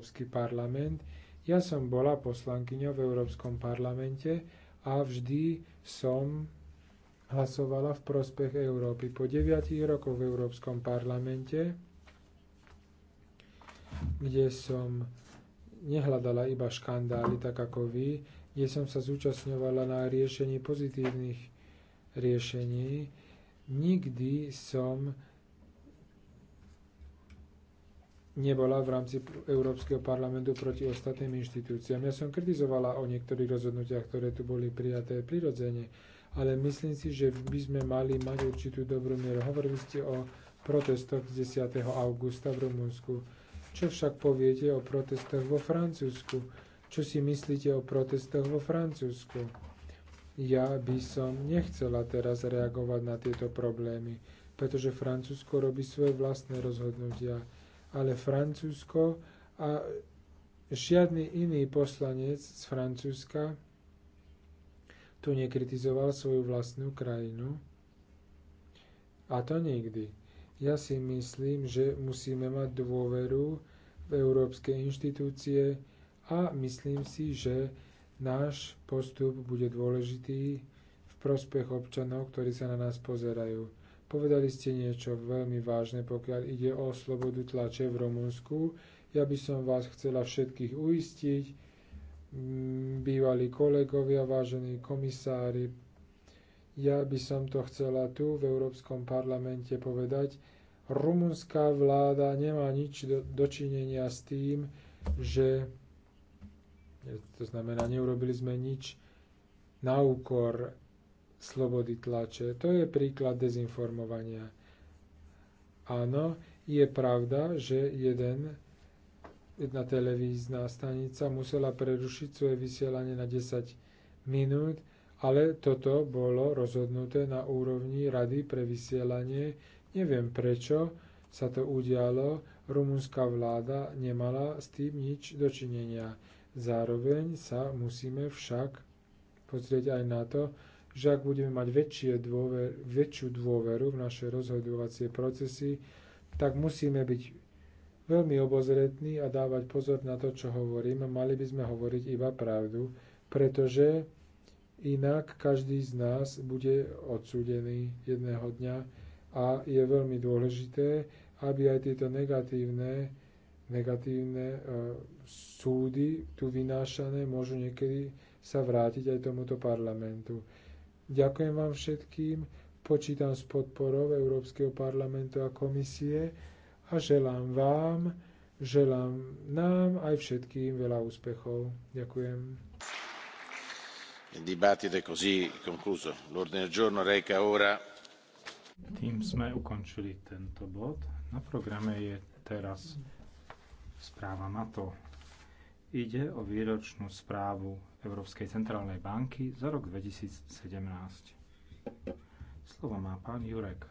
Európsky parlament. Ja som bola poslankyňou v Európskom parlamente a vždy som hlasovala v prospech Európy. Po 9 rokoch v Európskom parlamente, kde som nehľadala iba škandály, tak ako vy, kde som sa zúčastňovala na riešení pozitívnych riešení, nikdy som nebola v rámci Európskeho parlamentu proti ostatným inštitúciám. Ja som kritizovala o niektorých rozhodnutiach, ktoré tu boli prijaté prirodzene, ale myslím si, že by sme mali mať určitú dobrú mieru. Hovorili ste o protestoch z 10. augusta v Rumunsku. Čo však poviete o protestoch vo Francúzsku? Čo si myslíte o protestoch vo Francúzsku? Ja by som nechcela teraz reagovať na tieto problémy, pretože Francúzsko robí svoje vlastné rozhodnutia ale Francúzsko a žiadny iný poslanec z Francúzska tu nekritizoval svoju vlastnú krajinu. A to nikdy. Ja si myslím, že musíme mať dôveru v európske inštitúcie a myslím si, že náš postup bude dôležitý v prospech občanov, ktorí sa na nás pozerajú. Povedali ste niečo veľmi vážne, pokiaľ ide o slobodu tlače v Rumunsku. Ja by som vás chcela všetkých uistiť, mm, bývalí kolegovia, vážení komisári, ja by som to chcela tu v Európskom parlamente povedať. Rumunská vláda nemá nič do, dočinenia s tým, že to znamená, neurobili sme nič na úkor slobody tlače. To je príklad dezinformovania. Áno, je pravda, že jeden, jedna televízna stanica musela prerušiť svoje vysielanie na 10 minút, ale toto bolo rozhodnuté na úrovni Rady pre vysielanie. Neviem prečo sa to udialo, rumunská vláda nemala s tým nič dočinenia. Zároveň sa musíme však pozrieť aj na to, že ak budeme mať dôver, väčšiu dôveru v naše rozhodovacie procesy, tak musíme byť veľmi obozretní a dávať pozor na to, čo hovoríme. Mali by sme hovoriť iba pravdu, pretože inak každý z nás bude odsúdený jedného dňa a je veľmi dôležité, aby aj tieto negatívne, negatívne e, súdy tu vynášané môžu niekedy sa vrátiť aj tomuto parlamentu. Ďakujem vám všetkým, počítam s podporou Európskeho parlamentu a komisie a želám vám, želám nám aj všetkým veľa úspechov. Ďakujem. Il dibattito è così concluso. L'ordine del giorno reca ora tým sme ukončili tento bod. Na programe je teraz správa NATO. Ide o výročnú správu Európskej centrálnej banky za rok 2017. Slovo má pán Jurek.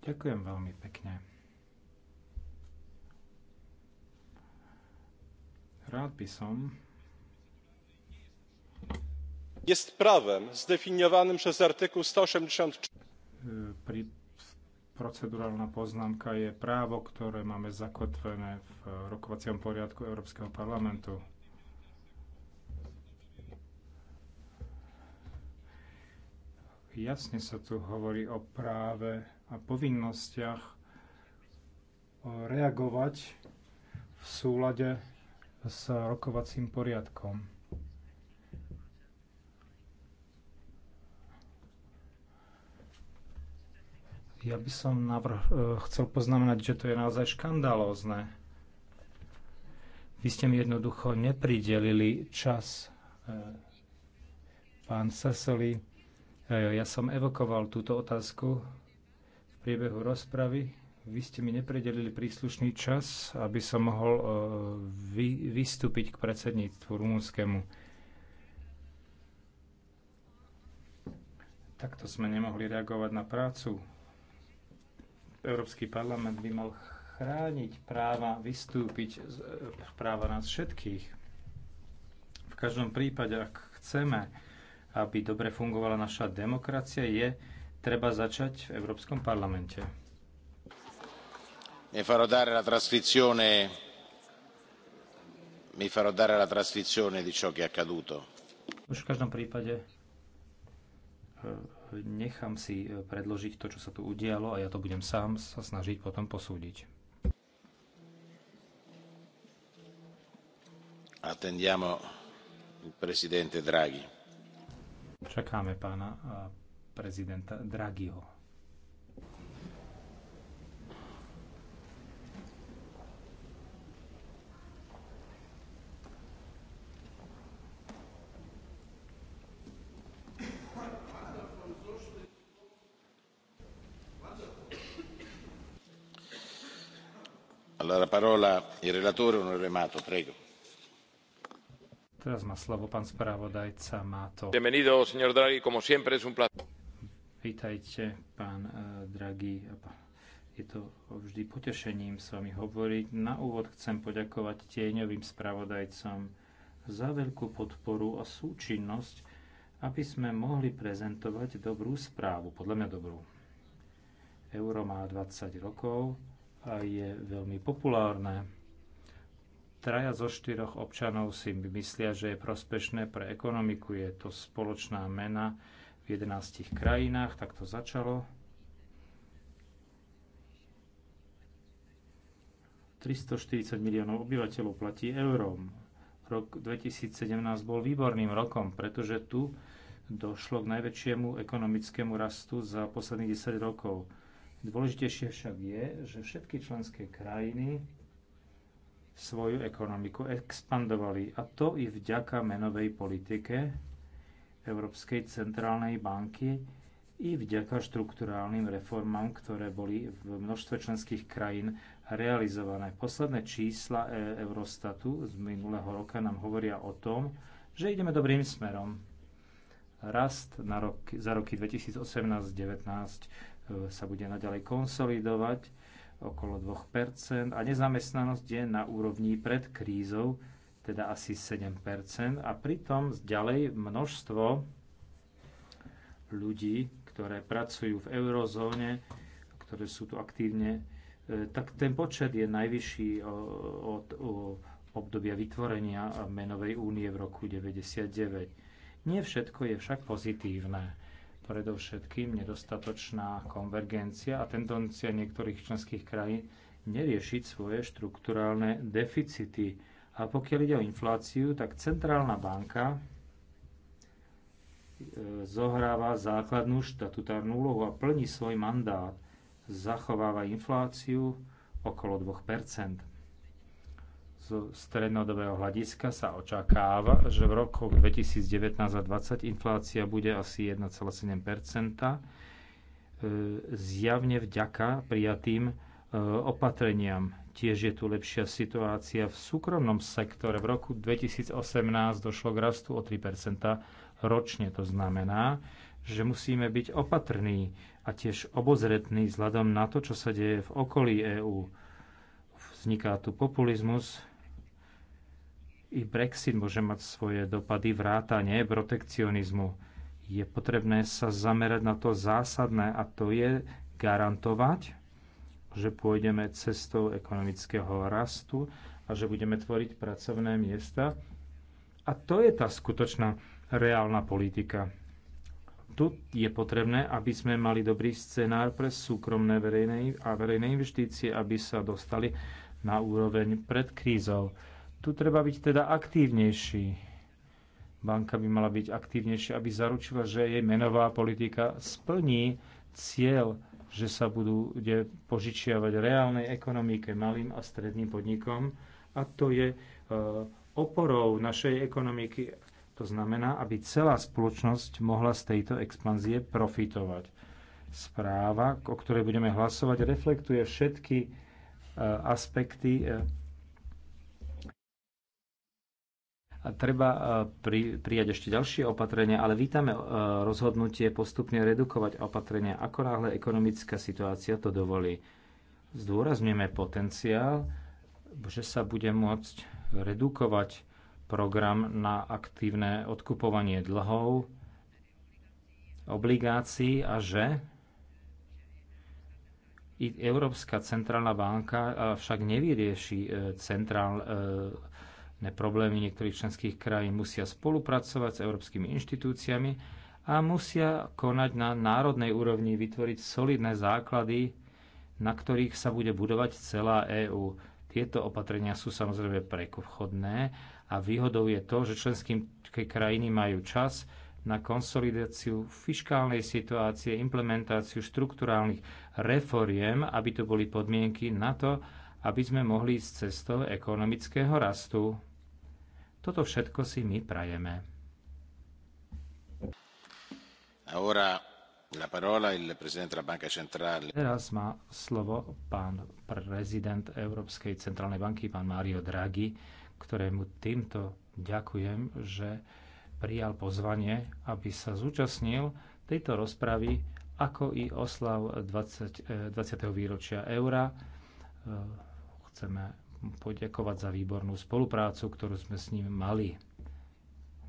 Ďakujem veľmi pekne. Rád by som jest prawem zdefiniowanym przez artykuł 184 procedurálna poznámka je právo, ktoré máme zakotvené v rokovacom poriadku Európskeho parlamentu. Jasne sa tu hovorí o práve a povinnostiach reagovať v súlade s rokovacím poriadkom. Ja by som navrh- e, chcel poznamenať, že to je naozaj škandalózne. Vy ste mi jednoducho nepridelili čas, e, pán Sasoli. E, ja som evokoval túto otázku v priebehu rozpravy. Vy ste mi nepredelili príslušný čas, aby som mohol vy, vystúpiť k predsedníctvu rumúnskému. Takto sme nemohli reagovať na prácu Európsky parlament by mal chrániť práva vystúpiť, z e, práva nás všetkých. V každom prípade, ak chceme, aby dobre fungovala naša demokracia, je treba začať v Európskom parlamente. Mi farò dare la trascrizione, mi farò dare la trascrizione di ciò che è accaduto. Už v každom prípade e, nechám si e, predložiť to, čo sa tu udialo a ja to budem sám sa snažiť potom posúdiť. Attendiamo il presidente Draghi. Čakáme pána e, prezidenta Draghiho. Teraz má slovo pán spravodajca Mato. Bienvenido, señor Draghi, como siempre es un eh, Je to vždy potešením s vami hovoriť. Na úvod chcem poďakovať tieňovým spravodajcom za veľkú podporu a súčinnosť, aby sme mohli prezentovať dobrú správu, podľa mňa dobrú. Euro má 20 rokov, a je veľmi populárne. Traja zo štyroch občanov si myslia, že je prospešné pre ekonomiku. Je to spoločná mena v 11 krajinách, tak to začalo. 340 miliónov obyvateľov platí eurom. Rok 2017 bol výborným rokom, pretože tu došlo k najväčšiemu ekonomickému rastu za posledných 10 rokov Dôležitejšie však je, že všetky členské krajiny svoju ekonomiku expandovali a to i vďaka menovej politike Európskej centrálnej banky i vďaka štrukturálnym reformám, ktoré boli v množstve členských krajín realizované. Posledné čísla e, Eurostatu z minulého roka nám hovoria o tom, že ideme dobrým smerom. Rast na rok, za roky 2018-2019 E, sa bude naďalej konsolidovať okolo 2% a nezamestnanosť je na úrovni pred krízou, teda asi 7% a pritom ďalej množstvo ľudí, ktoré pracujú v eurozóne, ktoré sú tu aktívne, e, tak ten počet je najvyšší od obdobia vytvorenia menovej únie v roku 99. Nie všetko je však pozitívne predovšetkým nedostatočná konvergencia a tendencia niektorých členských krajín neriešiť svoje štruktúrálne deficity. A pokiaľ ide o infláciu, tak centrálna banka e, zohráva základnú štatutárnu úlohu a plní svoj mandát. Zachováva infláciu okolo 2 z strednodobého hľadiska sa očakáva, že v rokoch 2019 a 2020 inflácia bude asi 1,7 e, zjavne vďaka prijatým e, opatreniam. Tiež je tu lepšia situácia v súkromnom sektore. V roku 2018 došlo k rastu o 3 ročne. To znamená, že musíme byť opatrní a tiež obozretní vzhľadom na to, čo sa deje v okolí EÚ. Vzniká tu populizmus, i Brexit môže mať svoje dopady vrátane protekcionizmu. Je potrebné sa zamerať na to zásadné a to je garantovať, že pôjdeme cestou ekonomického rastu a že budeme tvoriť pracovné miesta. A to je tá skutočná reálna politika. Tu je potrebné, aby sme mali dobrý scenár pre súkromné verejné a verejné investície, aby sa dostali na úroveň pred krízou tu treba byť teda aktívnejší. Banka by mala byť aktívnejšia, aby zaručila, že jej menová politika splní cieľ, že sa budú požičiavať reálnej ekonomike, malým a stredným podnikom. A to je e, oporou našej ekonomiky. To znamená, aby celá spoločnosť mohla z tejto expanzie profitovať. Správa, o ktorej budeme hlasovať, reflektuje všetky e, aspekty e, treba e, pri, prijať ešte ďalšie opatrenia, ale vítame e, rozhodnutie postupne redukovať opatrenia, ako náhle ekonomická situácia to dovolí. Zdôrazňujeme potenciál, že sa bude môcť redukovať program na aktívne odkupovanie dlhov, obligácií a že Európska centrálna banka e, však nevyrieši centrál, ne problémy niektorých členských krajín musia spolupracovať s európskymi inštitúciami a musia konať na národnej úrovni, vytvoriť solidné základy, na ktorých sa bude budovať celá EÚ. Tieto opatrenia sú samozrejme prekochodné a výhodou je to, že členské krajiny majú čas na konsolidáciu fiškálnej situácie, implementáciu štrukturálnych reforiem, aby to boli podmienky na to, aby sme mohli ísť cestou ekonomického rastu. Toto všetko si my prajeme. Ahora la parola il presidente della Banca Centrale. Teraz má slovo pán prezident Európskej centrálnej banky, pán Mario Draghi, ktorému týmto ďakujem, že prijal pozvanie, aby sa zúčastnil tejto rozpravy, ako i oslav 20, 20. Eh, výročia eura. Eh, chceme poďakovať za výbornú spoluprácu, ktorú sme s ním mali.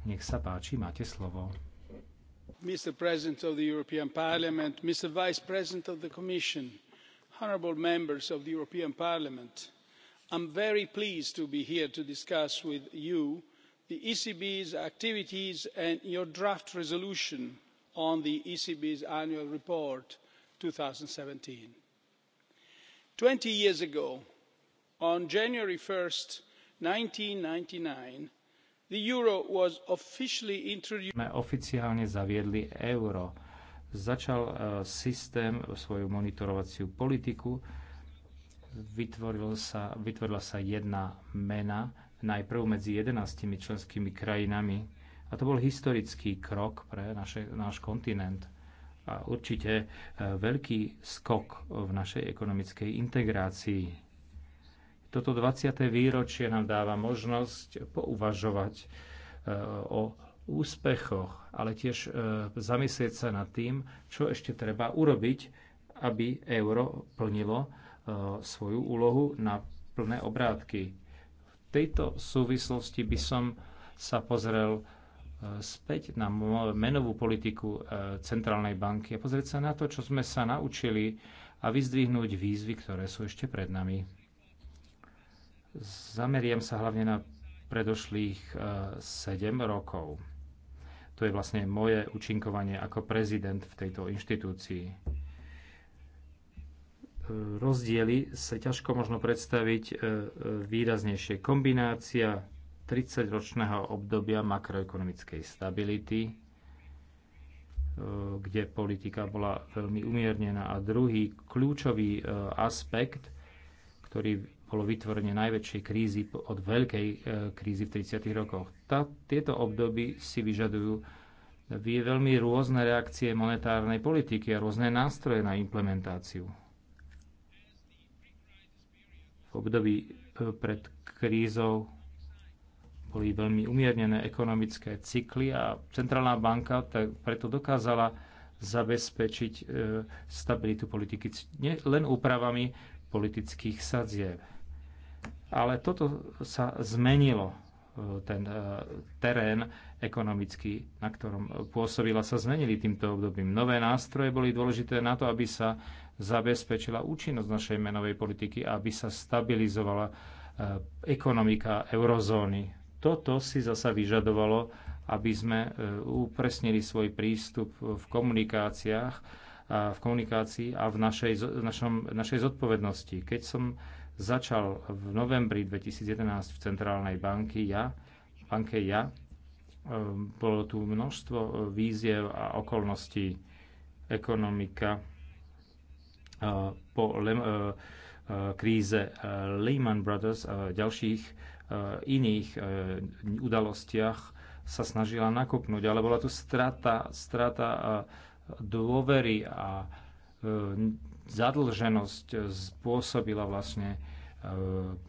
Nech sa páči, máte slovo. Mr. President of the European Parliament, Mr. Vice President of the Commission, honorable members of the European Parliament, I'm very pleased to be here to discuss with you the ECB's activities and your draft resolution on the ECB's annual report 2017. Twenty years ago, on one january one thousand nine hundred and ninety nine the euro was officially introduced. sme oficiálne zaviedli euro. Začal e, systém svoju monitorovaciu politiku. sa, vytvorila sa jedna mena, najprv medzi 11 členskými krajinami. A to bol historický krok pre naše, náš kontinent a určite e, veľký skok v našej ekonomickej integrácii toto 20. výročie nám dáva možnosť pouvažovať e, o úspechoch, ale tiež e, zamyslieť sa nad tým, čo ešte treba urobiť, aby euro plnilo e, svoju úlohu na plné obrátky. V tejto súvislosti by som sa pozrel späť na menovú politiku centrálnej banky a pozrieť sa na to, čo sme sa naučili a vyzdvihnúť výzvy, ktoré sú ešte pred nami. Zameriem sa hlavne na predošlých 7 e, rokov. To je vlastne moje účinkovanie ako prezident v tejto inštitúcii. E, rozdiely sa ťažko možno predstaviť e, výraznejšie. Kombinácia 30-ročného obdobia makroekonomickej stability, kde politika bola veľmi umiernená. A druhý kľúčový aspekt, ktorý bolo vytvorenie najväčšej krízy od veľkej e, krízy v 30. rokoch. Tá, tieto obdoby si vyžadujú veľmi rôzne reakcie monetárnej politiky a rôzne nástroje na implementáciu. V období e, pred krízou boli veľmi umiernené ekonomické cykly a Centrálna banka preto dokázala zabezpečiť e, stabilitu politiky len úpravami politických sadzieb. Ale toto sa zmenilo, e, ten e, terén ekonomický, na ktorom pôsobila, sa zmenili týmto obdobím. Nové nástroje boli dôležité na to, aby sa zabezpečila účinnosť našej menovej politiky a aby sa stabilizovala e, ekonomika eurozóny. Toto si zasa vyžadovalo, aby sme upresnili svoj prístup v komunikáciách, v komunikácii a v našej, našom, našej zodpovednosti. Keď som začal v novembri 2011 v Centrálnej banky ja, banke ja. Ehm, bolo tu množstvo e, víziev a okolností ekonomika e, po e, kríze Lehman Brothers a ďalších iných udalostiach sa snažila nakopnúť, ale bola tu strata, strata dôvery a zadlženosť spôsobila vlastne e,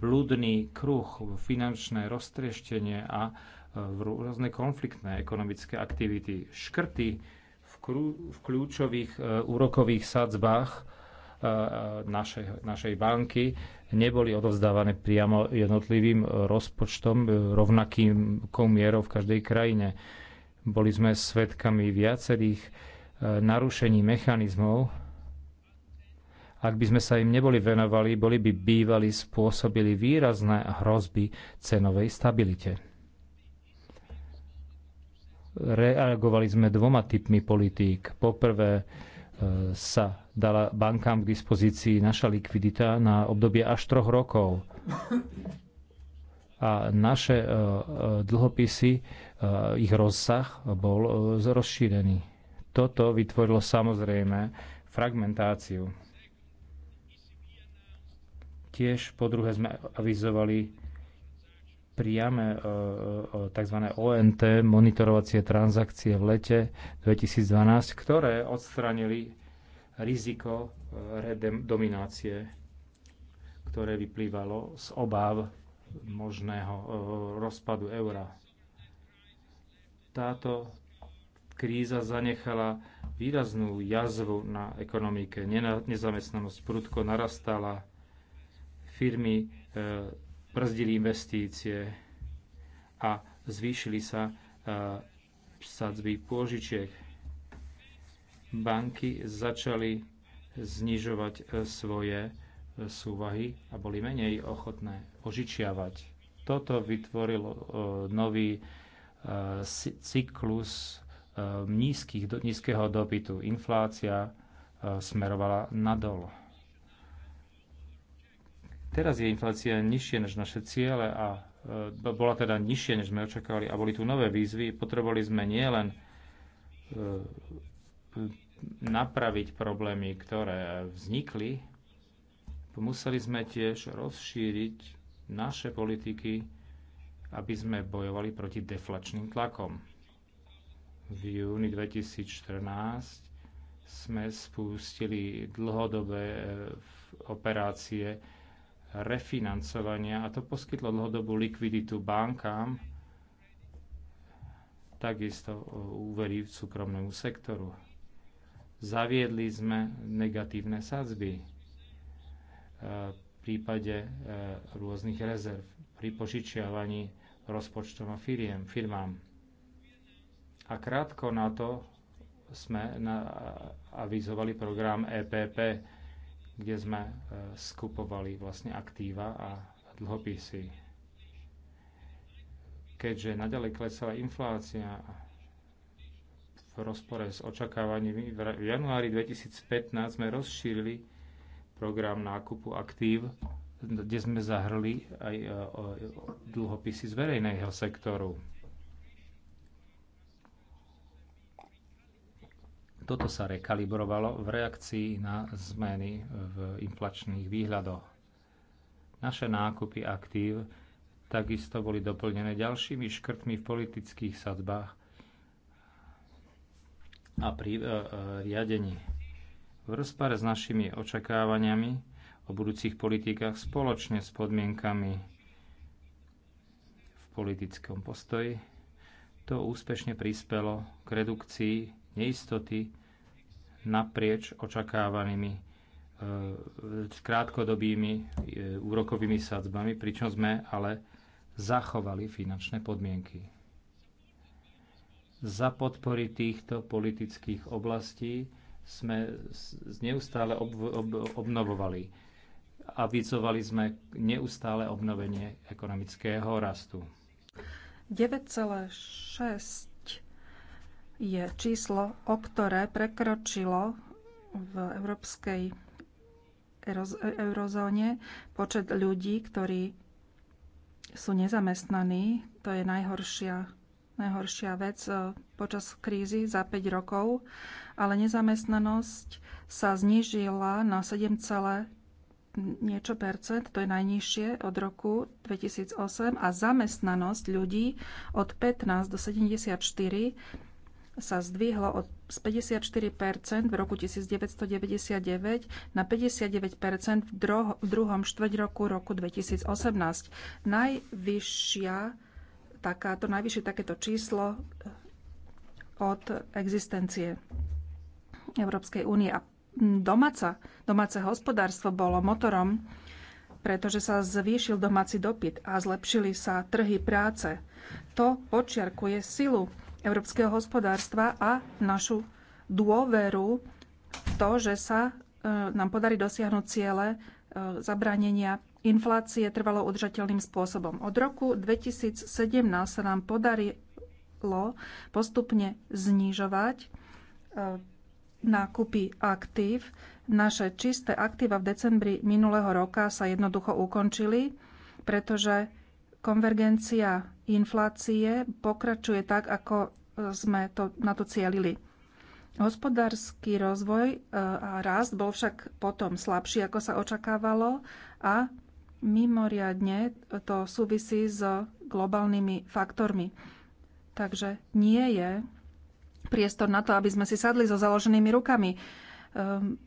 blúdny kruh, finančné roztrieštenie a e, rôzne konfliktné ekonomické aktivity. Škrty v, kru, v kľúčových e, úrokových sadzbách našej, našej banky neboli odovzdávané priamo jednotlivým rozpočtom rovnakým mierou v každej krajine. Boli sme svedkami viacerých narušení mechanizmov, ak by sme sa im neboli venovali, boli by bývali spôsobili výrazné hrozby cenovej stabilite. Reagovali sme dvoma typmi politík. Poprvé e, sa dala bankám k dispozícii naša likvidita na obdobie až troch rokov. A naše e, e, dlhopisy, ich rozsah bol rozšírený. Toto vytvorilo samozrejme fragmentáciu Tiež po druhé sme avizovali priame e, e, e, tzv. ONT, monitorovacie transakcie v lete 2012, ktoré odstranili riziko redominácie, ktoré vyplývalo z obáv možného rozpadu eura. Táto kríza zanechala výraznú jazvu na ekonomike. Nezamestnanosť prudko narastala, firmy e, brzdili investície a zvýšili sa e, sadzby pôžičiek. Banky začali znižovať e, svoje súvahy a boli menej ochotné požičiavať. Toto vytvorilo nový cyklus nízkeho dopytu. Inflácia smerovala nadol. Teraz je inflácia nižšie než naše ciele a e, bola teda nižšie, než sme očakávali a boli tu nové výzvy. Potrebovali sme nielen e, napraviť problémy, ktoré vznikli, museli sme tiež rozšíriť naše politiky, aby sme bojovali proti deflačným tlakom. V júni 2014 sme spustili dlhodobé e, operácie refinancovania a to poskytlo dlhodobú likviditu bankám, takisto e, úvery v súkromnému sektoru. Zaviedli sme negatívne sadzby e, v prípade e, rôznych rezerv pri požičiavaní rozpočtom a firiem, firmám. A krátko na to sme avizovali program EPP, kde sme e, skupovali vlastne aktíva a dlhopisy. Keďže naďalej klesala inflácia v rozpore s očakávaniami, v januári 2015 sme rozšírili program nákupu aktív, kde sme zahrli aj e, dlhopisy z verejného sektoru Toto sa rekalibrovalo v reakcii na zmeny v inflačných výhľadoch. Naše nákupy aktív takisto boli doplnené ďalšími škrtmi v politických sadbách a pri e, e, riadení. V rozpare s našimi očakávaniami o budúcich politikách spoločne s podmienkami v politickom postoji to úspešne prispelo k redukcii neistoty naprieč očakávanými e, krátkodobými e, úrokovými sadzbami, pričom sme ale zachovali finančné podmienky. Za podpory týchto politických oblastí sme neustále ob, ob, obnovovali. Avizovali sme neustále obnovenie ekonomického rastu. 9,6 je číslo, o ktoré prekročilo v európskej e, eurozóne počet ľudí, ktorí sú nezamestnaní. To je najhoršia, najhoršia vec e, počas krízy za 5 rokov, ale nezamestnanosť sa znížila na 7, niečo percent, to je najnižšie od roku 2008 a zamestnanosť ľudí od 15 do 74 sa zdvihlo od, z 54 v roku 1999 na 59 v, v druhom štvrť roku roku 2018. Najvyššia takáto, najvyššie takéto číslo eh, od existencie Európskej únie. A domáca, domáce hospodárstvo bolo motorom, pretože sa zvýšil domáci dopyt a zlepšili sa trhy práce. To počiarkuje silu európskeho hospodárstva a našu dôveru v to, že sa e, nám podarí dosiahnuť ciele e, zabránenia inflácie trvalo udržateľným spôsobom. Od roku 2017 sa nám podarilo postupne znižovať e, nákupy aktív. Naše čisté aktíva v decembri minulého roka sa jednoducho ukončili, pretože konvergencia inflácie pokračuje tak, ako e, sme to, na to cielili. Hospodársky rozvoj e, a rast bol však potom slabší, ako sa očakávalo a mimoriadne to súvisí s globálnymi faktormi. Takže nie je priestor na to, aby sme si sadli so založenými rukami. E,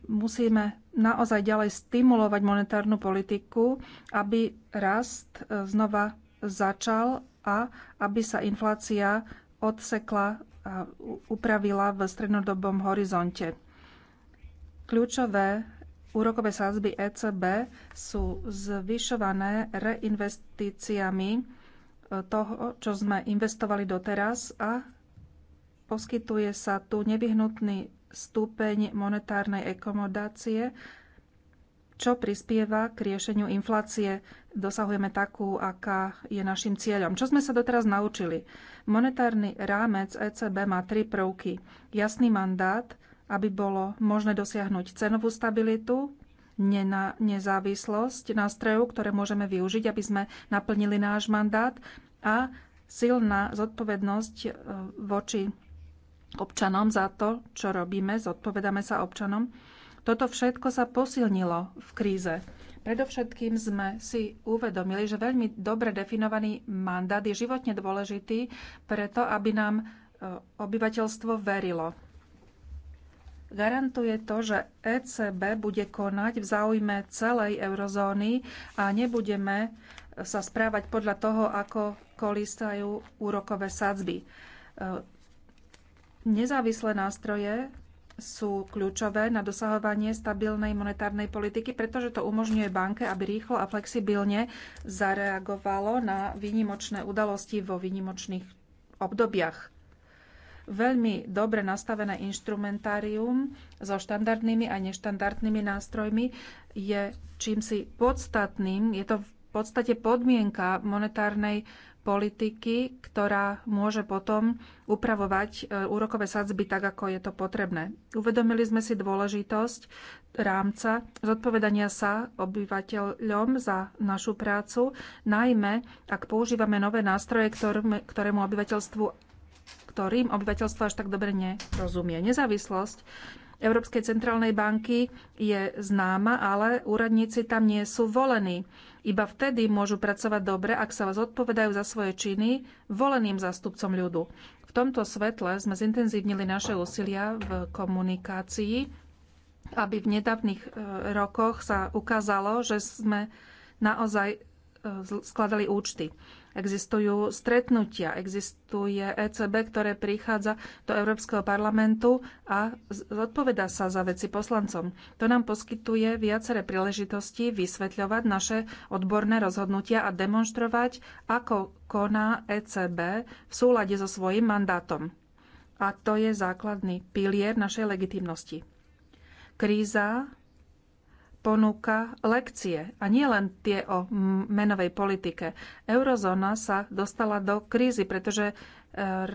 musíme naozaj ďalej stimulovať monetárnu politiku, aby rast znova začal a aby sa inflácia odsekla a upravila v strednodobom horizonte. Kľúčové úrokové sázby ECB sú zvyšované reinvestíciami e, toho, čo sme investovali doteraz a poskytuje sa tu nevyhnutný stupeň monetárnej ekomodácie čo prispieva k riešeniu inflácie. Dosahujeme takú, aká je našim cieľom. Čo sme sa doteraz naučili? Monetárny rámec ECB má tri prvky. Jasný mandát, aby bolo možné dosiahnuť cenovú stabilitu, nena, nezávislosť nástrojov, ktoré môžeme využiť, aby sme naplnili náš mandát a silná zodpovednosť e, voči občanom za to, čo robíme, zodpovedáme sa občanom toto všetko sa posilnilo v kríze. Predovšetkým sme si uvedomili, že veľmi dobre definovaný mandát je životne dôležitý preto, aby nám e, obyvateľstvo verilo. Garantuje to, že ECB bude konať v záujme celej eurozóny a nebudeme sa správať podľa toho, ako kolísajú úrokové sadzby. E, nezávislé nástroje sú kľúčové na dosahovanie stabilnej monetárnej politiky, pretože to umožňuje banke, aby rýchlo a flexibilne zareagovalo na výnimočné udalosti vo výnimočných obdobiach. Veľmi dobre nastavené instrumentárium so štandardnými a neštandardnými nástrojmi je čím si podstatným, je to podstate podmienka monetárnej politiky, ktorá môže potom upravovať e, úrokové sadzby tak, ako je to potrebné. Uvedomili sme si dôležitosť rámca zodpovedania sa obyvateľom za našu prácu, najmä ak používame nové nástroje, ktorým, ktorému obyvateľstvu ktorým obyvateľstvo až tak dobre nerozumie. Nezávislosť Európskej centrálnej banky je známa, ale úradníci tam nie sú volení. Iba vtedy môžu pracovať dobre, ak sa vás odpovedajú za svoje činy voleným zástupcom ľudu. V tomto svetle sme zintenzívnili naše úsilia v komunikácii, aby v nedávnych e, rokoch sa ukázalo, že sme naozaj e, skladali účty. Existujú stretnutia, existuje ECB, ktoré prichádza do Európskeho parlamentu a zodpovedá sa za veci poslancom. To nám poskytuje viaceré príležitosti vysvetľovať naše odborné rozhodnutia a demonstrovať, ako koná ECB v súlade so svojím mandátom. A to je základný pilier našej legitimnosti. Kríza ponúka lekcie a nie len tie o menovej politike. Eurozóna sa dostala do krízy, pretože e,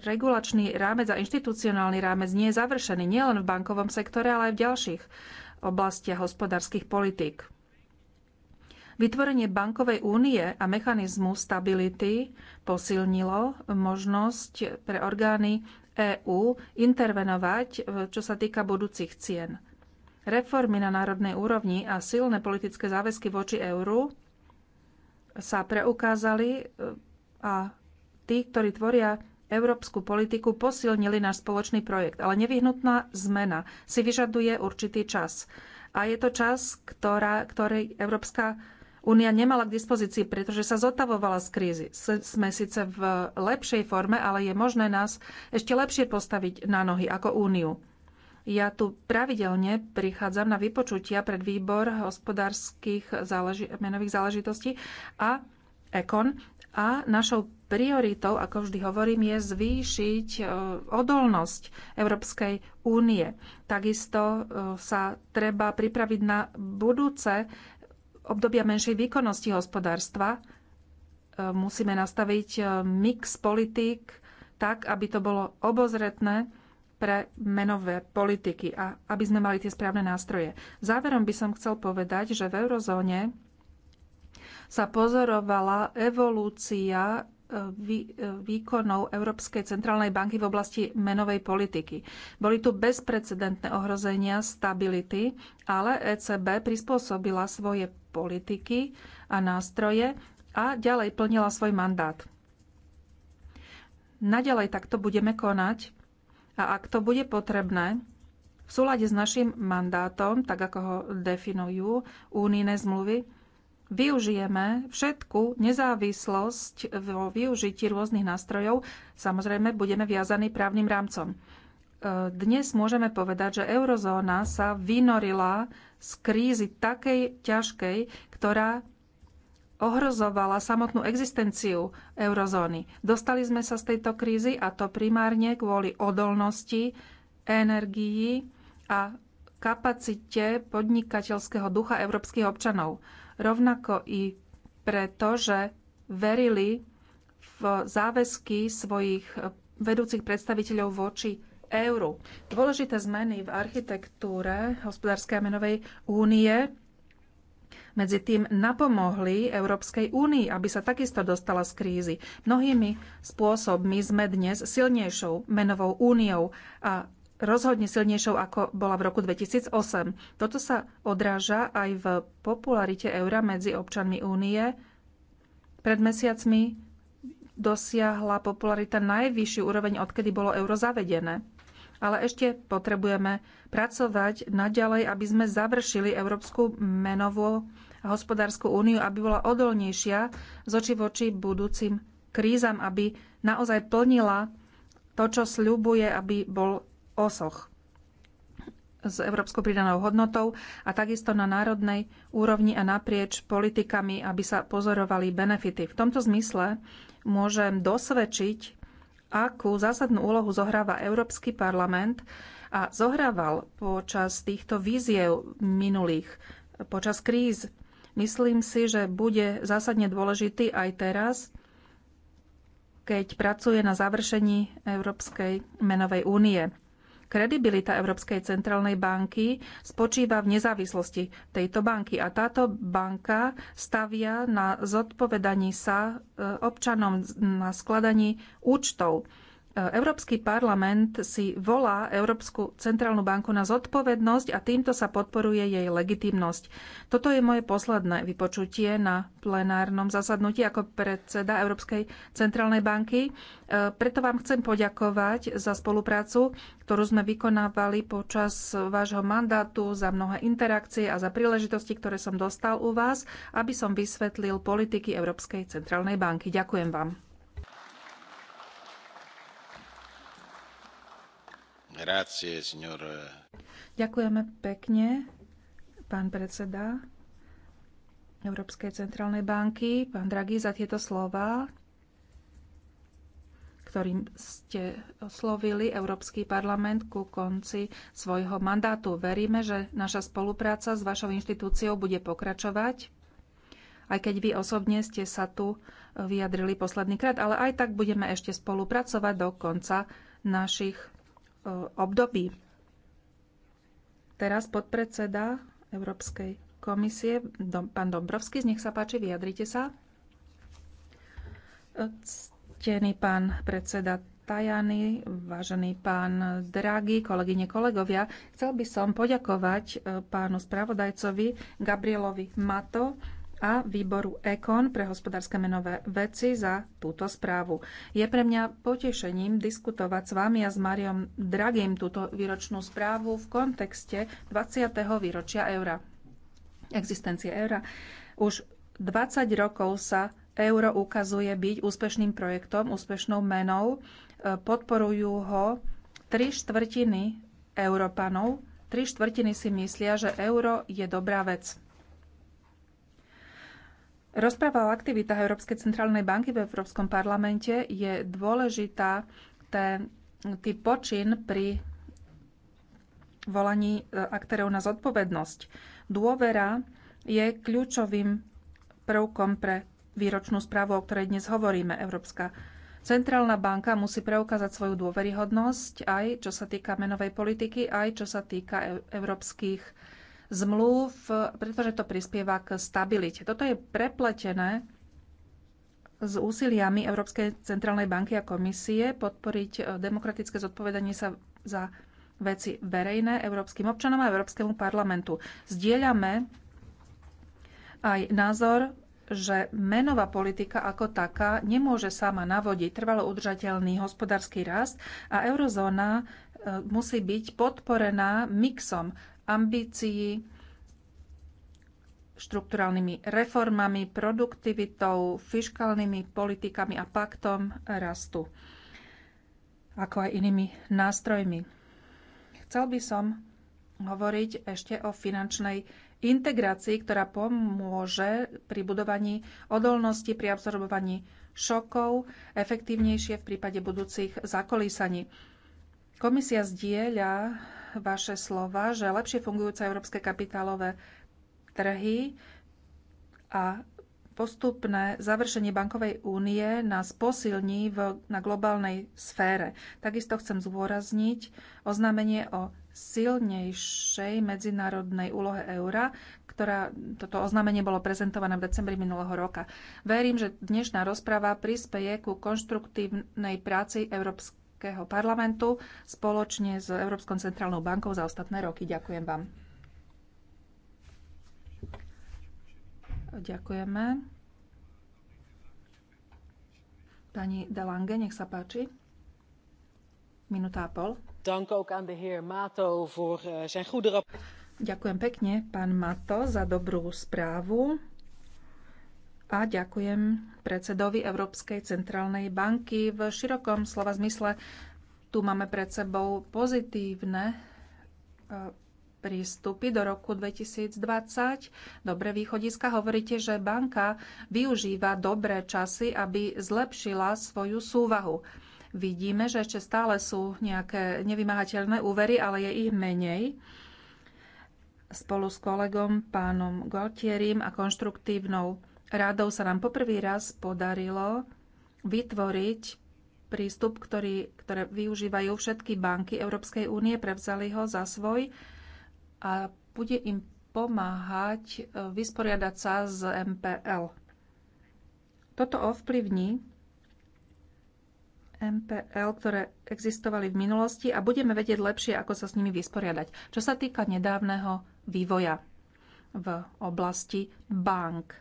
regulačný rámec a inštitucionálny rámec nie je završený nielen v bankovom sektore, ale aj v ďalších oblastiach hospodárskych politík. Vytvorenie bankovej únie a mechanizmu stability posilnilo možnosť pre orgány EÚ intervenovať, e, čo sa týka budúcich cien. Reformy na národnej úrovni a silné politické záväzky voči euru sa preukázali e, a tí, ktorí tvoria európsku politiku, posilnili náš spoločný projekt. Ale nevyhnutná zmena si vyžaduje určitý čas. A je to čas, ktorá, ktorý Európska Únia nemala k dispozícii, pretože sa zotavovala z krízy. Sme síce v lepšej forme, ale je možné nás ešte lepšie postaviť na nohy ako Úniu. Ja tu pravidelne prichádzam na vypočutia pred výbor hospodárskych záleži- menových záležitostí a ekon. A našou prioritou, ako vždy hovorím, je zvýšiť e, odolnosť Európskej únie. Takisto e, sa treba pripraviť na budúce obdobia menšej výkonnosti hospodárstva. E, musíme nastaviť mix politík tak, aby to bolo obozretné pre menové politiky a aby sme mali tie správne nástroje. Záverom by som chcel povedať, že v eurozóne sa pozorovala evolúcia e, e, výkonov Európskej centrálnej banky v oblasti menovej politiky. Boli tu bezprecedentné ohrozenia stability, ale ECB prispôsobila svoje politiky a nástroje a ďalej plnila svoj mandát. Naďalej takto budeme konať a ak to bude potrebné, v súlade s našim mandátom, tak ako ho definujú únijné zmluvy, využijeme všetku nezávislosť vo využití rôznych nástrojov. Samozrejme, budeme viazaní právnym rámcom. E, dnes môžeme povedať, že eurozóna sa vynorila z krízy takej ťažkej, ktorá ohrozovala samotnú existenciu eurozóny. Dostali sme sa z tejto krízy a to primárne kvôli odolnosti, energii a kapacite podnikateľského ducha európskych občanov. Rovnako i preto, že verili v záväzky svojich vedúcich predstaviteľov voči euru. Dôležité zmeny v architektúre hospodárskej a menovej únie medzi tým napomohli Európskej únii, aby sa takisto dostala z krízy. Mnohými spôsobmi sme dnes silnejšou menovou úniou a rozhodne silnejšou, ako bola v roku 2008. Toto sa odráža aj v popularite eura medzi občanmi únie. Pred mesiacmi dosiahla popularita najvyššiu úroveň, odkedy bolo euro zavedené. Ale ešte potrebujeme pracovať naďalej, aby sme završili Európsku menovú a hospodárskú úniu, aby bola odolnejšia z oči voči budúcim krízam, aby naozaj plnila to, čo sľubuje, aby bol osoch s európskou pridanou hodnotou a takisto na národnej úrovni a naprieč politikami, aby sa pozorovali benefity. V tomto zmysle môžem dosvedčiť, akú zásadnú úlohu zohráva Európsky parlament a zohrával počas týchto víziev minulých, počas kríz. Myslím si, že bude zásadne dôležitý aj teraz, keď pracuje na završení Európskej menovej únie. Kredibilita Európskej centrálnej banky spočíva v nezávislosti tejto banky a táto banka stavia na zodpovedaní sa e, občanom na skladaní účtov. Európsky parlament si volá Európsku centrálnu banku na zodpovednosť a týmto sa podporuje jej legitimnosť. Toto je moje posledné vypočutie na plenárnom zasadnutí ako predseda Európskej centrálnej banky. E, preto vám chcem poďakovať za spoluprácu, ktorú sme vykonávali počas vášho mandátu, za mnohé interakcie a za príležitosti, ktoré som dostal u vás, aby som vysvetlil politiky Európskej centrálnej banky. Ďakujem vám. Eh. Ďakujeme pekne, pán predseda Európskej centrálnej banky, pán Draghi, za tieto slova, ktorým ste oslovili Európsky parlament ku konci svojho mandátu. Veríme, že naša spolupráca s vašou inštitúciou bude pokračovať, aj keď vy osobne ste sa tu vyjadrili posledný krát, ale aj tak budeme ešte spolupracovať do konca našich období. Teraz podpredseda Európskej komisie, dom, pán Dombrovský, nech sa páči, vyjadrite sa. Ctený pán predseda Tajany, vážený pán Draghi, kolegyne, kolegovia, chcel by som poďakovať e, pánu spravodajcovi Gabrielovi Mato a výboru EKON pre hospodárske menové veci za túto správu. Je pre mňa potešením diskutovať s vami a s Mariom Dragim túto výročnú správu v kontexte 20. výročia eura. Existencie eura. Už 20 rokov sa euro ukazuje byť úspešným projektom, úspešnou menou. E, podporujú ho tri štvrtiny Európanov. Tri štvrtiny si myslia, že euro je dobrá vec. Rozpráva o aktivitách Európskej centrálnej banky v Európskom parlamente je dôležitá tý počin pri volaní e, aktérov na zodpovednosť. Dôvera je kľúčovým prvkom pre výročnú správu, o ktorej dnes hovoríme. Európska centrálna banka musí preukázať svoju dôveryhodnosť aj čo sa týka menovej politiky, aj čo sa týka e európskych zmluv, pretože to prispieva k stabilite. Toto je prepletené s úsiliami Európskej centrálnej banky a komisie podporiť e, demokratické zodpovedanie sa za veci verejné európskym občanom a Európskemu parlamentu. Zdieľame aj názor, že menová politika ako taká nemôže sama navodiť trvalo udržateľný hospodársky rast a eurozóna e, musí byť podporená mixom ambícií, štrukturálnymi reformami, produktivitou, fiškálnymi politikami a paktom rastu, ako aj inými nástrojmi. Chcel by som hovoriť ešte o finančnej integrácii, ktorá pomôže pri budovaní odolnosti, pri absorbovaní šokov, efektívnejšie v prípade budúcich zakolísaní. Komisia zdieľa vaše slova, že lepšie fungujúce európske kapitálové trhy a postupné završenie bankovej únie nás posilní v, na globálnej sfére. Takisto chcem zdôrazniť oznámenie o silnejšej medzinárodnej úlohe eura, ktorá toto oznámenie bolo prezentované v decembri minulého roka. Verím, že dnešná rozprava prispeje ku konštruktívnej práci Európskej Európskeho parlamentu spoločne s Európskou centrálnou bankou za ostatné roky. Ďakujem vám. Ďakujeme. Pani Delange, nech sa páči. Minúta a pol. Eh, Ďakujem pekne, pán Mato, za dobrú správu a ďakujem predsedovi Európskej centrálnej banky. V širokom slova zmysle tu máme pred sebou pozitívne e, prístupy do roku 2020. Dobre východiska hovoríte, že banka využíva dobré časy, aby zlepšila svoju súvahu. Vidíme, že ešte stále sú nejaké nevymahateľné úvery, ale je ich menej spolu s kolegom pánom Galtierim a konštruktívnou radou sa nám poprvý raz podarilo vytvoriť prístup, ktorý, ktoré využívajú všetky banky Európskej únie, prevzali ho za svoj a bude im pomáhať e, vysporiadať sa z MPL. Toto ovplyvní MPL, ktoré existovali v minulosti a budeme vedieť lepšie, ako sa s nimi vysporiadať. Čo sa týka nedávneho vývoja v oblasti bank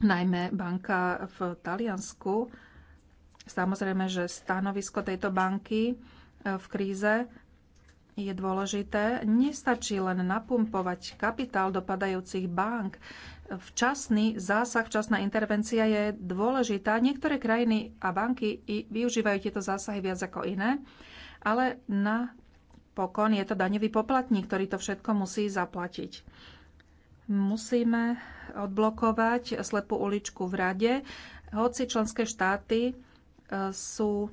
najmä banka v Taliansku. Samozrejme, že stanovisko tejto banky e, v kríze je dôležité. Nestačí len napumpovať kapitál dopadajúcich bank. Včasný zásah, včasná intervencia je dôležitá. Niektoré krajiny a banky využívajú tieto zásahy viac ako iné, ale na pokon je to daňový poplatník, ktorý to všetko musí zaplatiť. Musíme odblokovať slepú uličku v rade, hoci členské štáty e, sú e,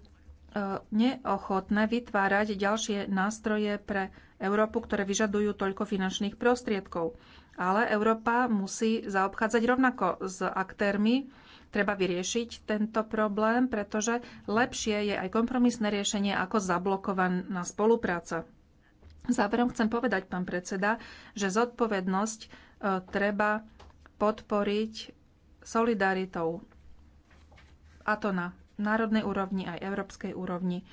neochotné vytvárať ďalšie nástroje pre Európu, ktoré vyžadujú toľko finančných prostriedkov. Ale Európa musí zaobchádzať rovnako s aktérmi. Treba vyriešiť tento problém, pretože lepšie je aj kompromisné riešenie ako zablokovaná spolupráca. Záverom chcem povedať, pán predseda, že zodpovednosť E, treba podporiť solidaritou. A to na národnej úrovni aj európskej úrovni.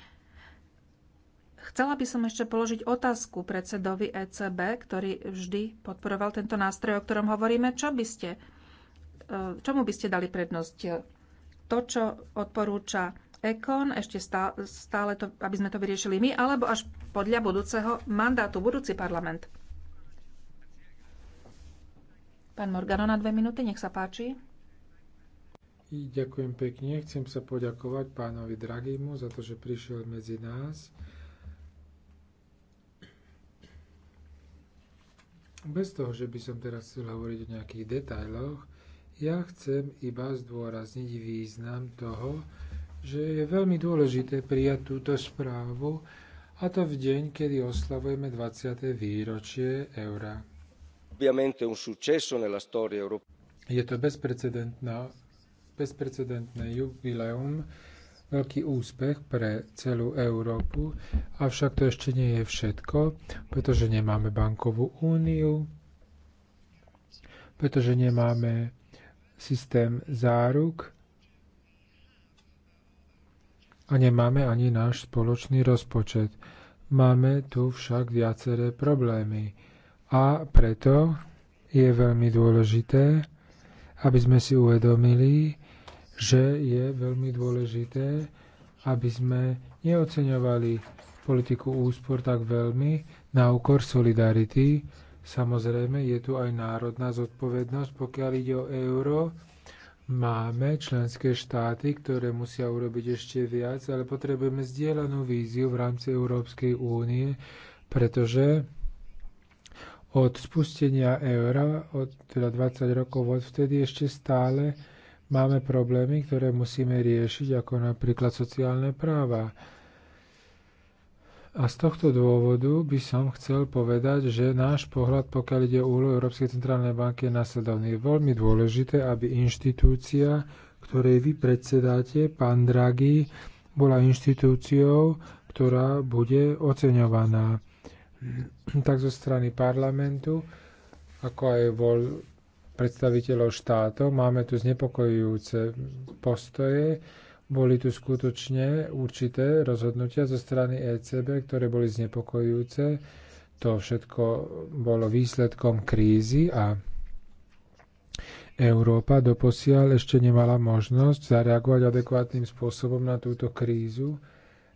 Chcela by som ešte položiť otázku predsedovi ECB, ktorý vždy podporoval tento nástroj, o ktorom hovoríme. Čo by ste, e, čomu by ste dali prednosť? To, čo odporúča Ekon, ešte stále to, aby sme to vyriešili my, alebo až podľa budúceho mandátu, budúci parlament? Pán Morgano na dve minúty, nech sa páči. Ďakujem pekne. Chcem sa poďakovať pánovi Dragimu za to, že prišiel medzi nás. Bez toho, že by som teraz chcel hovoriť o nejakých detailoch, ja chcem iba zdôrazniť význam toho, že je veľmi dôležité prijať túto správu, a to v deň, kedy oslavujeme 20. výročie eura ovviamente un successo nella storia europea. Je to bezprecedentné jubileum, veľký úspech pre celú Európu, avšak to ešte nie je všetko, pretože nemáme bankovú úniu, pretože nemáme systém záruk a nemáme ani náš spoločný rozpočet. Máme tu však viaceré problémy a preto je veľmi dôležité, aby sme si uvedomili, že je veľmi dôležité, aby sme neoceňovali politiku úspor tak veľmi na úkor solidarity. Samozrejme, je tu aj národná zodpovednosť, pokiaľ ide o euro. Máme členské štáty, ktoré musia urobiť ešte viac, ale potrebujeme zdieľanú víziu v rámci Európskej únie, pretože od spustenia eura, od teda 20 rokov od vtedy ešte stále máme problémy, ktoré musíme riešiť, ako napríklad sociálne práva. A z tohto dôvodu by som chcel povedať, že náš pohľad, pokiaľ ide o úlohu Európskej centrálnej banky, je následovný. Je veľmi dôležité, aby inštitúcia, ktorej vy predsedáte, pán Draghi, bola inštitúciou, ktorá bude oceňovaná tak zo strany parlamentu, ako aj vol predstaviteľov štátov. Máme tu znepokojujúce postoje. Boli tu skutočne určité rozhodnutia zo strany ECB, ktoré boli znepokojujúce. To všetko bolo výsledkom krízy a Európa doposiaľ ešte nemala možnosť zareagovať adekvátnym spôsobom na túto krízu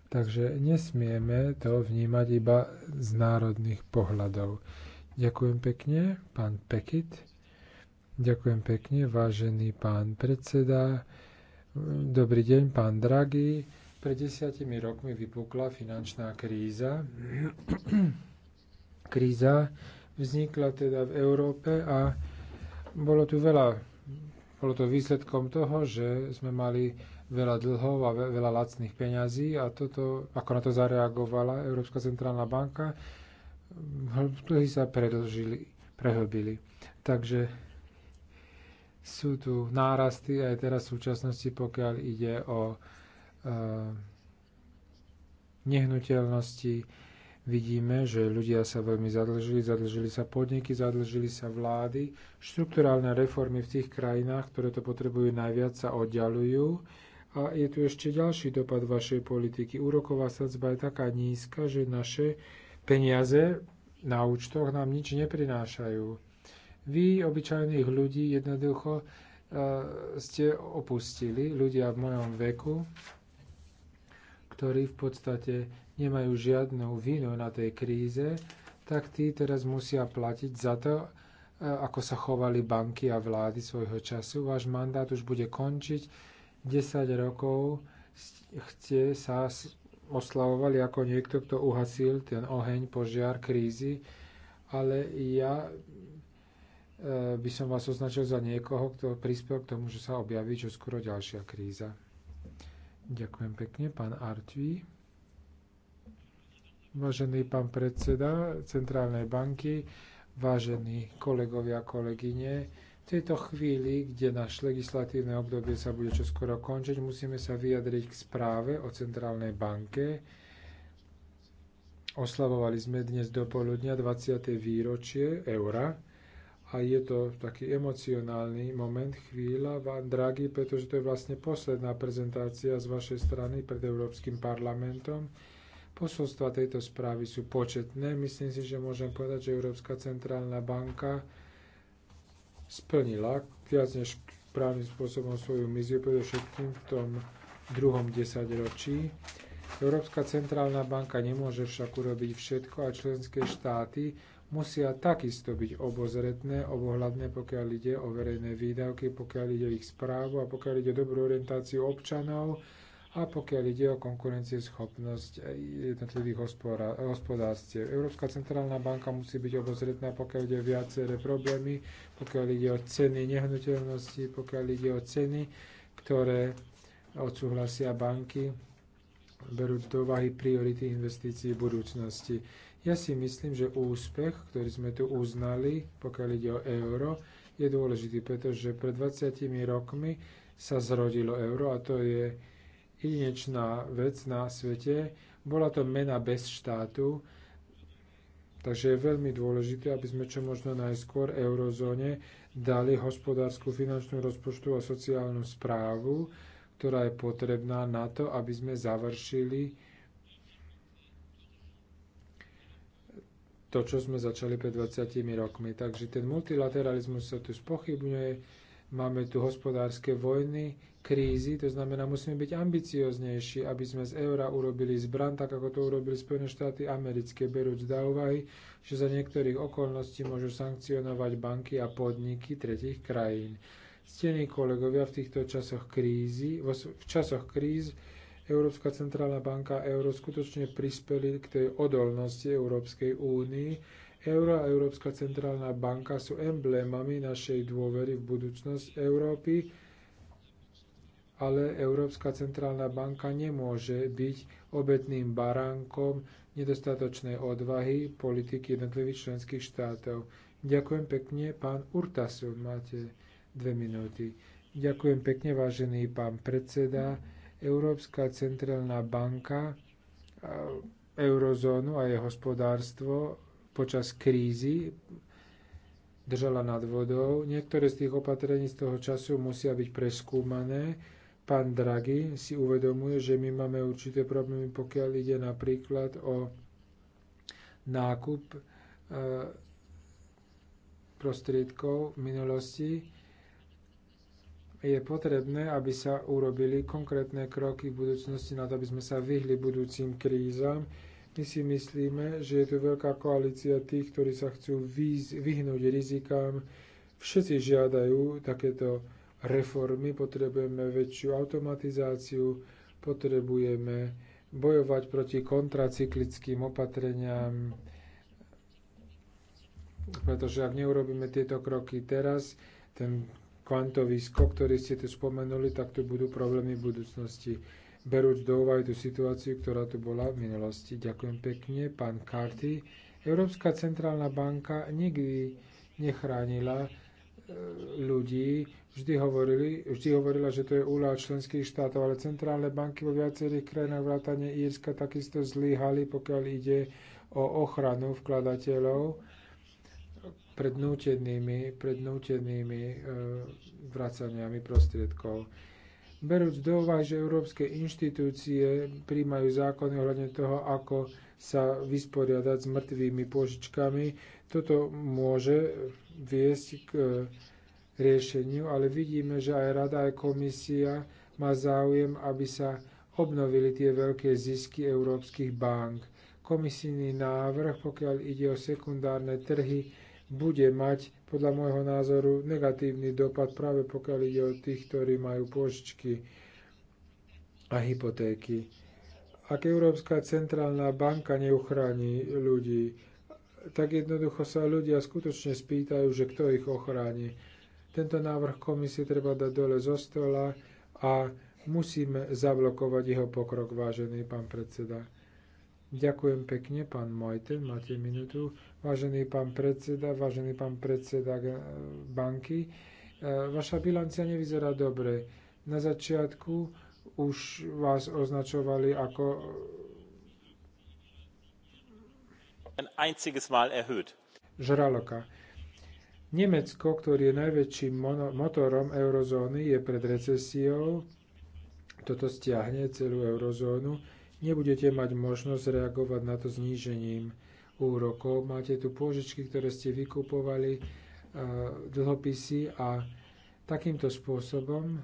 Takže nesmieme to vnímať iba z národných pohľadov. Ďakujem pekne, pán Pekit. Ďakujem pekne, vážený pán predseda. Dobrý deň, pán Draghi. Pred desiatimi rokmi vypukla finančná kríza. kríza vznikla teda v Európe a bolo tu veľa. Bolo to výsledkom toho, že sme mali veľa dlhov a veľa lacných peňazí a toto, ako na to zareagovala Európska centrálna banka, dlhy hm, sa predlžili, prehlbili. Takže sú tu nárasty aj teraz v súčasnosti, pokiaľ ide o e, nehnuteľnosti. Vidíme, že ľudia sa veľmi zadlžili, zadlžili sa podniky, zadlžili sa vlády. Štrukturálne reformy v tých krajinách, ktoré to potrebujú najviac, sa oddialujú a je tu ešte ďalší dopad vašej politiky. Úroková sadzba je taká nízka, že naše peniaze na účtoch nám nič neprinášajú. Vy, obyčajných ľudí, jednoducho e, ste opustili, ľudia v mojom veku, ktorí v podstate nemajú žiadnu vinu na tej kríze, tak tí teraz musia platiť za to, e, ako sa chovali banky a vlády svojho času. Váš mandát už bude končiť 10 rokov chce sa oslavovali ako niekto, kto uhasil ten oheň, požiar, krízy, ale ja e, by som vás označil za niekoho, kto prispel k tomu, že sa objaví čo skoro ďalšia kríza. Ďakujem pekne, pán Artví. Vážený pán predseda Centrálnej banky, vážení kolegovia a kolegyne, tejto chvíli, kde naše legislatívne obdobie sa bude čoskoro končiť, musíme sa vyjadriť k správe o Centrálnej banke. Oslavovali sme dnes do poludnia 20. výročie eura a je to taký emocionálny moment, chvíľa, vám dragi, pretože to je vlastne posledná prezentácia z vašej strany pred Európskym parlamentom. Posolstva tejto správy sú početné. Myslím si, že môžem povedať, že Európska centrálna banka splnila viac než právnym spôsobom svoju misiu, predovšetkým v tom druhom desaťročí. Európska centrálna banka nemôže však urobiť všetko a členské štáty musia takisto byť obozretné, obohľadné, pokiaľ ide o verejné výdavky, pokiaľ ide o ich správu a pokiaľ ide o dobrú orientáciu občanov a pokiaľ ide o konkurencieschopnosť jednotlivých hospodárstiev. Európska centrálna banka musí byť obozretná, pokiaľ ide o viaceré problémy, pokiaľ ide o ceny nehnuteľnosti, pokiaľ ide o ceny, ktoré odsúhlasia banky, berú do úvahy priority investícií v budúcnosti. Ja si myslím, že úspech, ktorý sme tu uznali, pokiaľ ide o euro, je dôležitý, pretože pred 20 rokmi sa zrodilo euro a to je jedinečná vec na svete. Bola to mena bez štátu, takže je veľmi dôležité, aby sme čo možno najskôr eurozóne dali hospodárskú, finančnú, rozpočtu a sociálnu správu, ktorá je potrebná na to, aby sme završili to, čo sme začali pred 20 rokmi. Takže ten multilateralizmus sa tu spochybňuje, máme tu hospodárske vojny, krízy, to znamená, musíme byť ambicioznejší, aby sme z eura urobili zbran, tak ako to urobili Spojené štáty americké, berúc do úvahy, že za niektorých okolností môžu sankcionovať banky a podniky tretich krajín. Stení kolegovia, v týchto časoch krízy, v časoch kríz Európska centrálna banka a euro skutočne prispeli k tej odolnosti Európskej únii. Euro a Európska centrálna banka sú emblémami našej dôvery v budúcnosť Európy, ale Európska centrálna banka nemôže byť obetným baránkom nedostatočnej odvahy politiky jednotlivých členských štátov. Ďakujem pekne, pán Urtasu, máte dve minúty. Ďakujem pekne, vážený pán predseda. Európska centrálna banka eurozónu a jej hospodárstvo počas krízy držala nad vodou. Niektoré z tých opatrení z toho času musia byť preskúmané Pán Draghi si uvedomuje, že my máme určité problémy, pokiaľ ide napríklad o nákup e, prostriedkov v minulosti. Je potrebné, aby sa urobili konkrétne kroky v budúcnosti na to, aby sme sa vyhli budúcim krízam. My si myslíme, že je tu veľká koalícia tých, ktorí sa chcú vyhnúť rizikám. Všetci žiadajú takéto reformy, potrebujeme väčšiu automatizáciu, potrebujeme bojovať proti kontracyklickým opatreniam, pretože ak neurobíme tieto kroky teraz, ten kvantový skok, ktorý ste tu spomenuli, tak tu budú problémy v budúcnosti. Berúc do úvahy tú situáciu, ktorá tu bola v minulosti. Ďakujem pekne, pán Karty. Európska centrálna banka nikdy nechránila e, ľudí vždy, hovorili, vždy hovorila, že to je úľa členských štátov, ale centrálne banky vo viacerých krajinách vrátane Írska takisto zlyhali, pokiaľ ide o ochranu vkladateľov pred nútenými, pred nútenými e, vracaniami prostriedkov. Berúc do úvahy, že európske inštitúcie príjmajú zákony ohľadne toho, ako sa vysporiadať s mŕtvými požičkami, toto môže viesť k e, riešeniu, ale vidíme, že aj Rada, aj komisia má záujem, aby sa obnovili tie veľké zisky európskych bank. Komisijný návrh, pokiaľ ide o sekundárne trhy, bude mať podľa môjho názoru negatívny dopad práve pokiaľ ide o tých, ktorí majú pôžičky a hypotéky. Ak Európska centrálna banka neuchráni ľudí, tak jednoducho sa ľudia skutočne spýtajú, že kto ich ochráni. Tento návrh komisie treba dať dole zo stola a musíme zablokovať jeho pokrok, vážený pán predseda. Ďakujem pekne, pán Mojten, máte minútu. Vážený pán predseda, vážený pán predseda banky, e, vaša bilancia nevyzerá dobre. Na začiatku už vás označovali ako žraloka. Nemecko, ktorý je najväčším motorom eurozóny, je pred recesiou. Toto stiahne celú eurozónu. Nebudete mať možnosť reagovať na to znížením úrokov. Máte tu pôžičky, ktoré ste vykupovali, eh, dlhopisy a takýmto spôsobom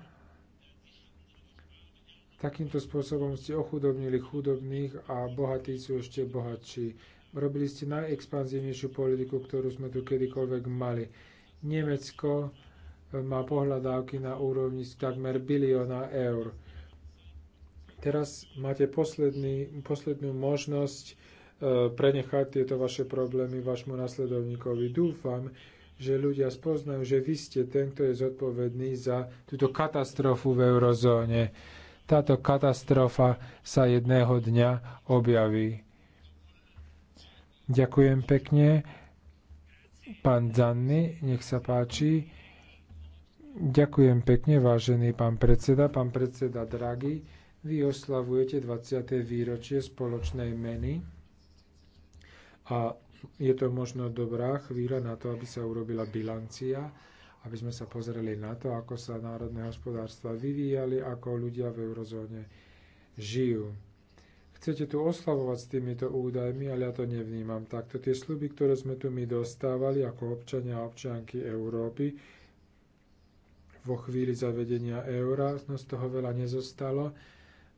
takýmto spôsobom ste ochudobnili chudobných a bohatí sú ešte bohatší. Robili ste najexpanzívnejšiu politiku, ktorú sme tu kedykoľvek mali. Nemecko e, má pohľadávky na úrovni takmer bilióna eur. Teraz máte posledný, poslednú možnosť e, prenechať tieto vaše problémy vašmu nasledovníkovi. Dúfam, že ľudia spoznajú, že vy ste ten, kto je zodpovedný za túto katastrofu v eurozóne. Táto katastrofa sa jedného dňa objaví. Ďakujem pekne. Pán Zanny, nech sa páči. Ďakujem pekne, vážený pán predseda. Pán predseda Draghi, vy oslavujete 20. výročie spoločnej meny a je to možno dobrá chvíľa na to, aby sa urobila bilancia, aby sme sa pozreli na to, ako sa národné hospodárstva vyvíjali, ako ľudia v eurozóne žijú Chcete tu oslavovať s týmito údajmi, ale ja to nevnímam takto. Tie sluby, ktoré sme tu my dostávali ako občania a občianky Európy, vo chvíli zavedenia eura, no z toho veľa nezostalo.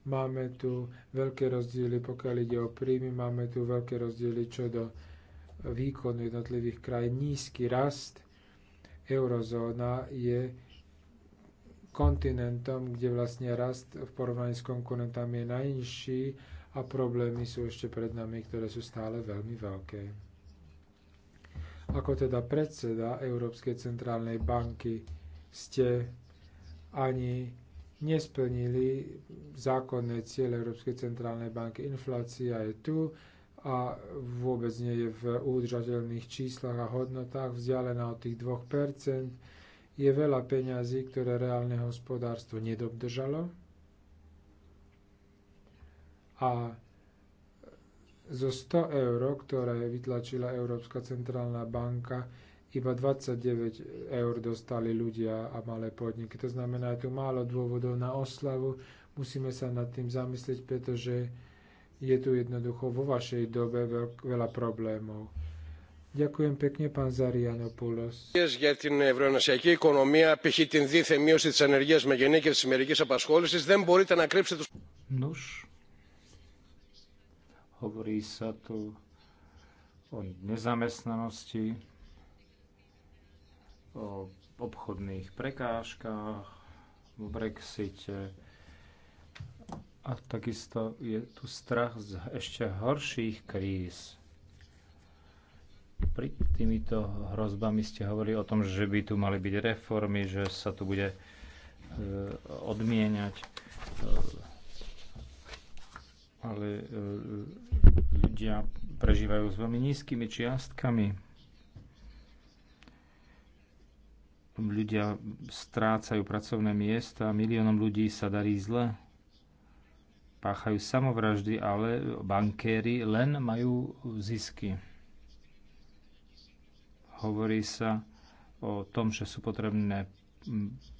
Máme tu veľké rozdiely, pokiaľ ide o príjmy, máme tu veľké rozdiely čo do výkonu jednotlivých krajín. Nízky rast eurozóna je kontinentom, kde vlastne rast v porovnaní s konkurentami je najnižší a problémy sú ešte pred nami, ktoré sú stále veľmi veľké. Ako teda predseda Európskej centrálnej banky ste ani nesplnili zákonné cieľ Európskej centrálnej banky. Inflácia je tu a vôbec nie je v udržateľných číslach a hodnotách, vzdialená od tých 2%. Je veľa peňazí, ktoré reálne hospodárstvo nedobdržalo a zo 100 eur, ktoré vytlačila Európska centrálna banka, iba 29 eur dostali ľudia a malé podniky. To znamená, je tu málo dôvodov na oslavu. Musíme sa nad tým zamyslieť, pretože je tu jednoducho vo vašej dobe veľa problémov. Ďakujem pekne, pán Zarianopoulos. Για την ευρωενωσιακή οικονομία, π.χ. την δίθε μείωση της ανεργίας με γενίκευση μερικής απασχόλησης, δεν μπορείτε να κρύψετε τους... Νους, Hovorí sa tu o nezamestnanosti, o obchodných prekážkach, o Brexite a takisto je tu strach z ešte horších kríz. Pri týmito hrozbami ste hovorili o tom, že by tu mali byť reformy, že sa tu bude e, odmieniať e, ale e, ľudia prežívajú s veľmi nízkymi čiastkami. Ľudia strácajú pracovné miesta, miliónom ľudí sa darí zle. Páchajú samovraždy, ale bankéry len majú zisky. Hovorí sa o tom, že sú potrebné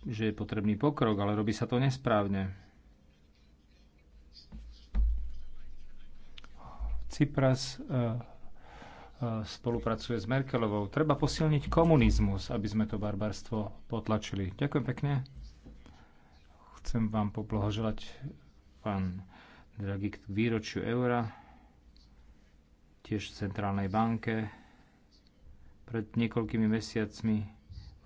že je potrebný pokrok, ale robí sa to nesprávne Cypras e, e, spolupracuje s Merkelovou. Treba posilniť komunizmus, aby sme to barbarstvo potlačili. Ďakujem pekne. Chcem vám poblahoželať, pán Dragik, k výročiu eura, tiež v Centrálnej banke. Pred niekoľkými mesiacmi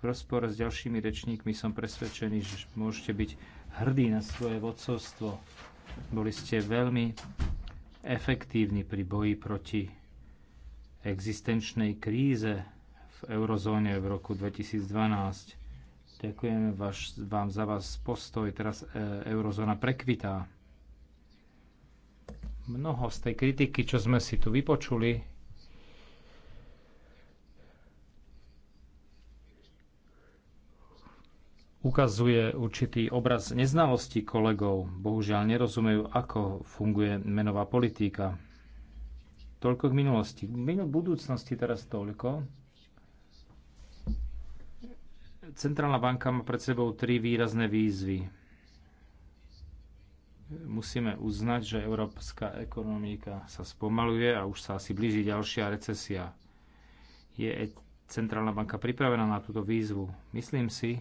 v rozpore s ďalšími rečníkmi som presvedčený, že môžete byť hrdí na svoje vodcovstvo. Boli ste veľmi efektívny pri boji proti existenčnej kríze v eurozóne v roku 2012. Ďakujem vaš, vám za vás postoj. Teraz e, eurozóna prekvitá. Mnoho z tej kritiky, čo sme si tu vypočuli, ukazuje určitý obraz neznalosti kolegov. Bohužiaľ nerozumejú, ako funguje menová politika. Toľko k minulosti. V budúcnosti teraz toľko. Centrálna banka má pred sebou tri výrazné výzvy. Musíme uznať, že európska ekonomika sa spomaluje a už sa asi blíži ďalšia recesia. Je Centrálna banka pripravená na túto výzvu? Myslím si,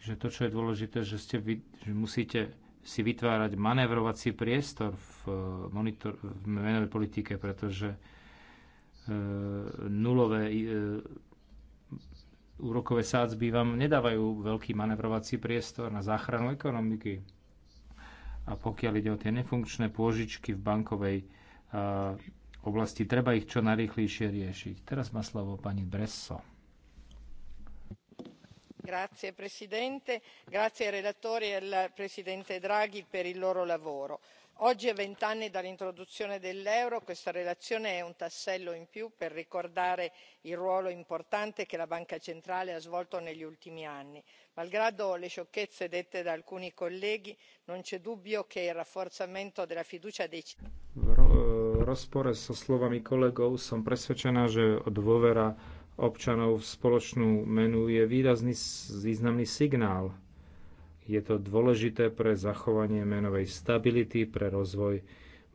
že to, čo je dôležité, že, ste, že musíte si vytvárať manévrovací priestor v, eh, monitor, v menovej politike, pretože e, nulové e, úrokové sádzby vám nedávajú veľký manévrovací priestor na záchranu ekonomiky. A pokiaľ ide o tie nefunkčné pôžičky v bankovej e, oblasti, treba ich čo najrýchlejšie riešiť. Teraz má slovo pani Bresso signor presidente grazie ai relatori e al presidente draghi per il loro lavoro. oggi a vent'anni dall'introduzione dell'euro questa relazione è un tassello in più per ricordare il ruolo importante che la banca centrale ha svolto negli ultimi anni. malgrado le sciocchezze dette da alcuni colleghi non c'è dubbio che il rafforzamento della fiducia dei cittadini. Eh, v rozpore so slovami kolegov som presvedčená že dôvera občanov v spoločnú menu je výrazný významný signál. Je to dôležité pre zachovanie menovej stability, pre rozvoj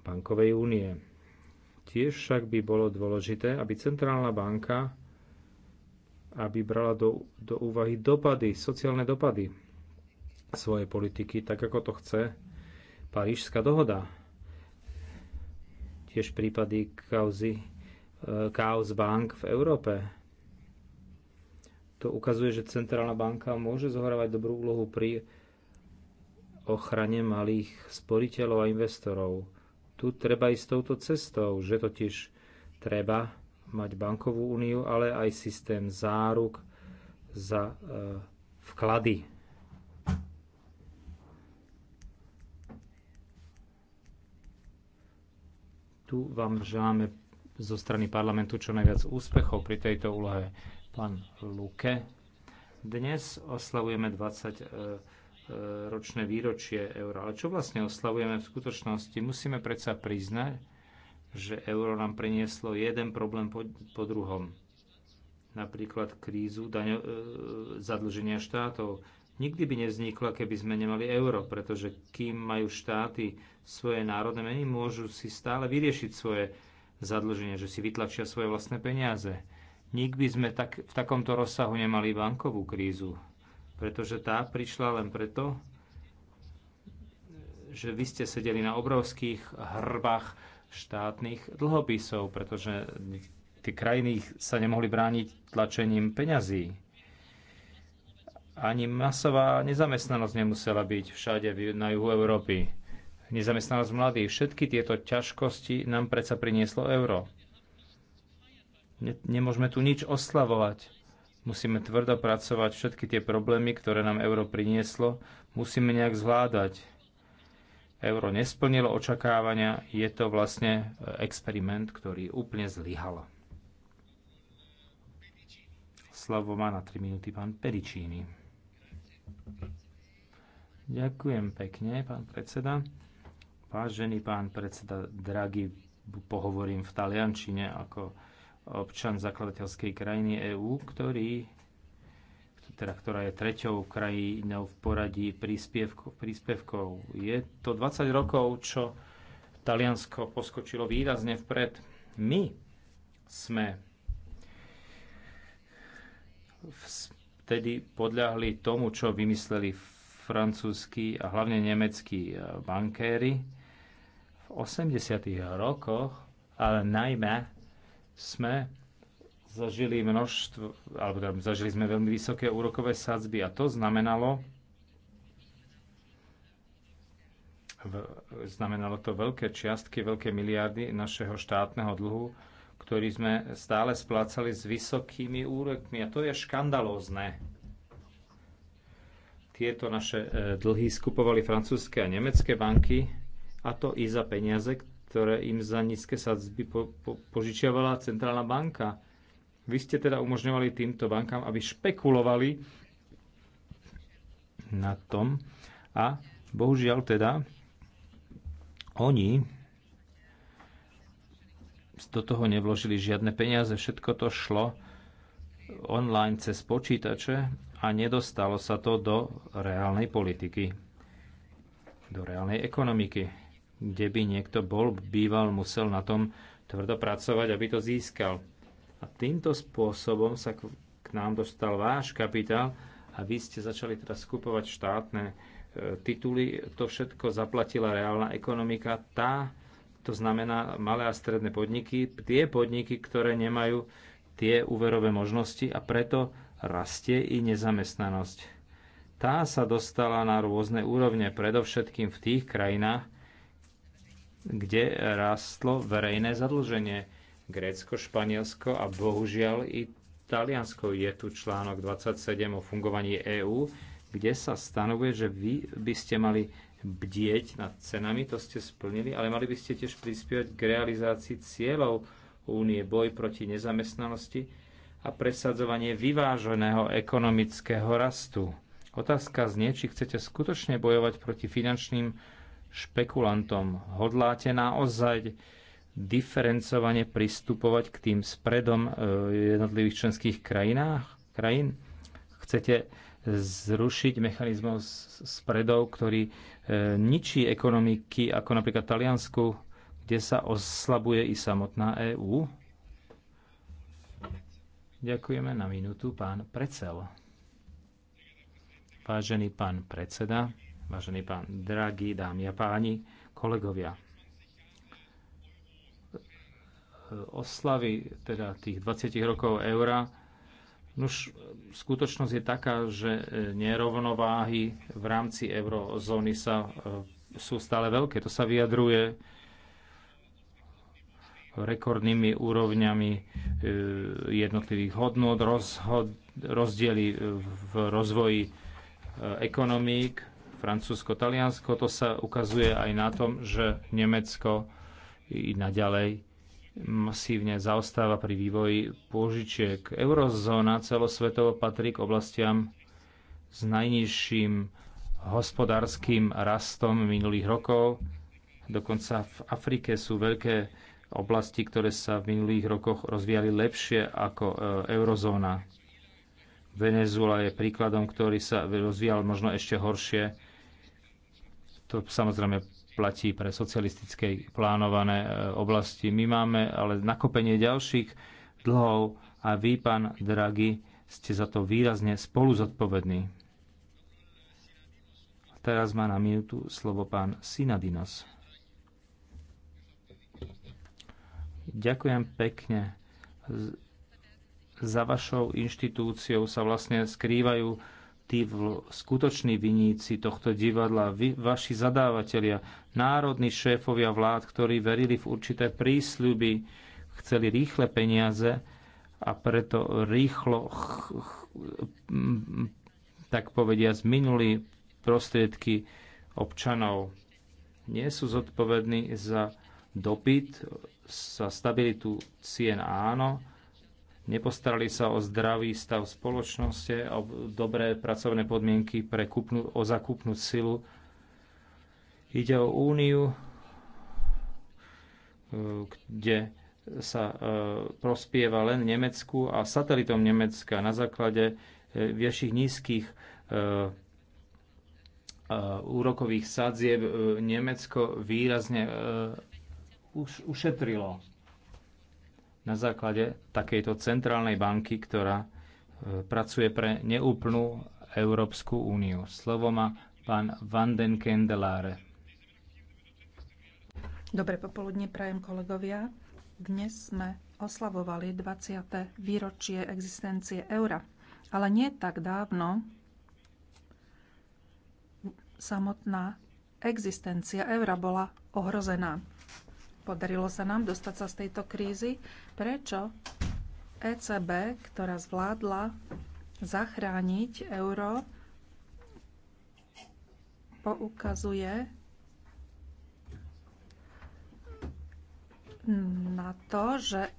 bankovej únie. Tiež však by bolo dôležité, aby centrálna banka aby brala do, do úvahy dopady, sociálne dopady svojej politiky, tak ako to chce Parížská dohoda. Tiež prípady kauzy, e, kaos bank v Európe to ukazuje, že Centrálna banka môže zohrávať dobrú úlohu pri ochrane malých sporiteľov a investorov. Tu treba ísť touto cestou, že totiž treba mať bankovú úniu, ale aj systém záruk za e, vklady. Tu vám želáme zo strany parlamentu čo najviac úspechov pri tejto úlohe pán Luke. Dnes oslavujeme 20 e, e, ročné výročie eura. Ale čo vlastne oslavujeme v skutočnosti? Musíme predsa priznať, že euro nám prinieslo jeden problém po, po druhom. Napríklad krízu daňo, e, zadlženia štátov. Nikdy by nevznikla, keby sme nemali euro, pretože kým majú štáty svoje národné meny, môžu si stále vyriešiť svoje zadlženie, že si vytlačia svoje vlastné peniaze Nikdy by sme tak, v takomto rozsahu nemali bankovú krízu, pretože tá prišla len preto, že vy ste sedeli na obrovských hrbách štátnych dlhopisov, pretože tie krajiny sa nemohli brániť tlačením peňazí. Ani masová nezamestnanosť nemusela byť všade na juhu Európy. Nezamestnanosť mladých, všetky tieto ťažkosti nám predsa prinieslo euro. Ne, nemôžeme tu nič oslavovať. Musíme tvrdo pracovať všetky tie problémy, ktoré nám euro prinieslo, musíme nejak zvládať. Euro nesplnilo očakávania, je to vlastne e, experiment, ktorý úplne zlyhal. Slovo má na 3 minúty pán Pericini. Ďakujem pekne, pán predseda. Vážený pán predseda, dragý, pohovorím v taliančine ako občan zakladateľskej krajiny EÚ, ktorý teda, ktorá je treťou krajinou v poradí príspevkov, príspevkov. Je to 20 rokov, čo Taliansko poskočilo výrazne vpred. My sme vtedy podľahli tomu, čo vymysleli francúzsky a hlavne nemeckí e, bankéry v 80. rokoch, ale najmä sme zažili množstvo, alebo teda zažili sme veľmi vysoké úrokové sadzby a to znamenalo, znamenalo to veľké čiastky, veľké miliardy našeho štátneho dlhu, ktorý sme stále splácali s vysokými úrokmi. A to je škandalózne. Tieto naše e, dlhy skupovali francúzske a nemecké banky, a to i za peniaze, ktoré im za nízke sadzby po, po, požičiavala centrálna banka. Vy ste teda umožňovali týmto bankám, aby špekulovali na tom a bohužiaľ teda oni do toho nevložili žiadne peniaze, všetko to šlo online cez počítače a nedostalo sa to do reálnej politiky, do reálnej ekonomiky kde by niekto bol, býval, musel na tom tvrdo pracovať, aby to získal. A týmto spôsobom sa k, nám dostal váš kapitál a vy ste začali teraz skupovať štátne e, tituly. To všetko zaplatila reálna ekonomika. Tá, to znamená malé a stredné podniky, tie podniky, ktoré nemajú tie úverové možnosti a preto rastie i nezamestnanosť. Tá sa dostala na rôzne úrovne, predovšetkým v tých krajinách, kde rástlo verejné zadlženie. Grécko, Španielsko a bohužiaľ i Taliansko je tu článok 27 o fungovaní EÚ, kde sa stanovuje, že vy by ste mali bdieť nad cenami, to ste splnili, ale mali by ste tiež prispievať k realizácii cieľov únie, boj proti nezamestnanosti a presadzovanie vyváženého ekonomického rastu. Otázka znie, či chcete skutočne bojovať proti finančným špekulantom. Hodláte naozaj diferencovane pristupovať k tým spredom e, jednotlivých členských krajinách, krajín? Chcete zrušiť mechanizmus spredov, ktorý e, ničí ekonomiky, ako napríklad Taliansku, kde sa oslabuje i samotná EÚ? Ďakujeme na minútu, pán Precel. Vážený pán predseda, vážený pán dragí dámy a páni, kolegovia. Oslavy teda tých 20 rokov eura, už skutočnosť je taká, že nerovnováhy v rámci eurozóny sa, e, sú stále veľké. To sa vyjadruje rekordnými úrovňami e, jednotlivých hodnot, rozhod, rozdiely v rozvoji e, ekonomík, Francúzsko, Taliansko, to sa ukazuje aj na tom, že Nemecko i naďalej masívne zaostáva pri vývoji pôžičiek. Eurozóna celosvetovo patrí k oblastiam s najnižším hospodárským rastom minulých rokov. Dokonca v Afrike sú veľké oblasti, ktoré sa v minulých rokoch rozvíjali lepšie ako e, eurozóna. Venezuela je príkladom, ktorý sa rozvíjal možno ešte horšie to samozrejme platí pre socialistické plánované e, oblasti. My máme ale nakopenie ďalších dlhov a vy, pán Draghi, ste za to výrazne spolu zodpovední. Teraz má na minútu slovo pán Sinadinos. Ďakujem pekne. Za vašou inštitúciou sa vlastne skrývajú tí skutoční viníci tohto divadla, vy, vaši zadávateľia, národní šéfovia vlád, ktorí verili v určité prísľuby, chceli rýchle peniaze a preto rýchlo, ch, ch, tak povedia, zminuli prostriedky občanov. Nie sú zodpovední za dopyt, za stabilitu cien áno, Nepostarali sa o zdravý stav spoločnosti, o dobré pracovné podmienky pre kúpnu, o zakúpnú silu. Ide o úniu, e, kde sa e, prospieva len Nemecku a satelitom Nemecka na základe e, viešich nízkych úrokových sadzieb Nemecko výrazne ušetrilo na základe takejto centrálnej banky, ktorá e, pracuje pre neúplnú Európsku úniu. Slovo má pán Van den Kendelare. Dobre popoludne prajem kolegovia. Dnes sme oslavovali 20. výročie existencie eura. Ale nie tak dávno samotná existencia eura bola ohrozená. Podarilo sa nám dostať sa z tejto krízy. Prečo ECB, ktorá zvládla zachrániť euro, poukazuje na to, že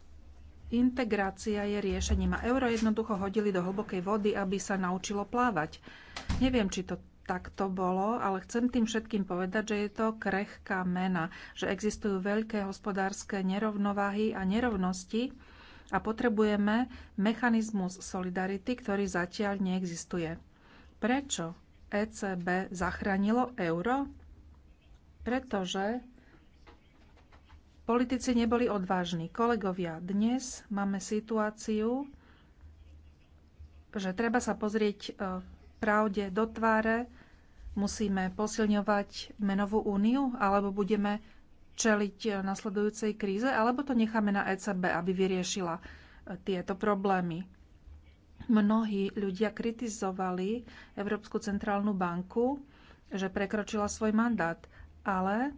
integrácia je riešením a euro jednoducho hodili do hlbokej vody, aby sa naučilo plávať. Neviem, či to tak to bolo, ale chcem tým všetkým povedať, že je to krehká mena, že existujú veľké hospodárske nerovnováhy a nerovnosti a potrebujeme mechanizmus solidarity, ktorý zatiaľ neexistuje. Prečo ECB zachránilo euro? Pretože politici neboli odvážni. Kolegovia, dnes máme situáciu, že treba sa pozrieť e, pravde do tváre? Musíme posilňovať menovú úniu? Alebo budeme čeliť nasledujúcej kríze? Alebo to necháme na ECB, aby vyriešila e, tieto problémy? Mnohí ľudia kritizovali Európsku centrálnu banku, že prekročila svoj mandát, ale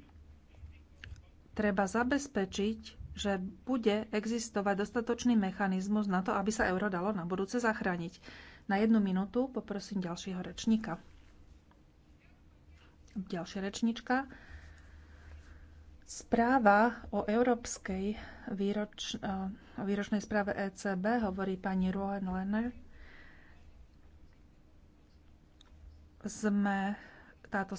treba zabezpečiť, že bude existovať dostatočný mechanizmus na to, aby sa euro dalo na budúce zachrániť. Na jednu minútu poprosím ďalšieho rečníka. Ďalšia rečnička. Správa o európskej výroč, o výročnej správe ECB hovorí pani Ruhen Lenner. Sme, táto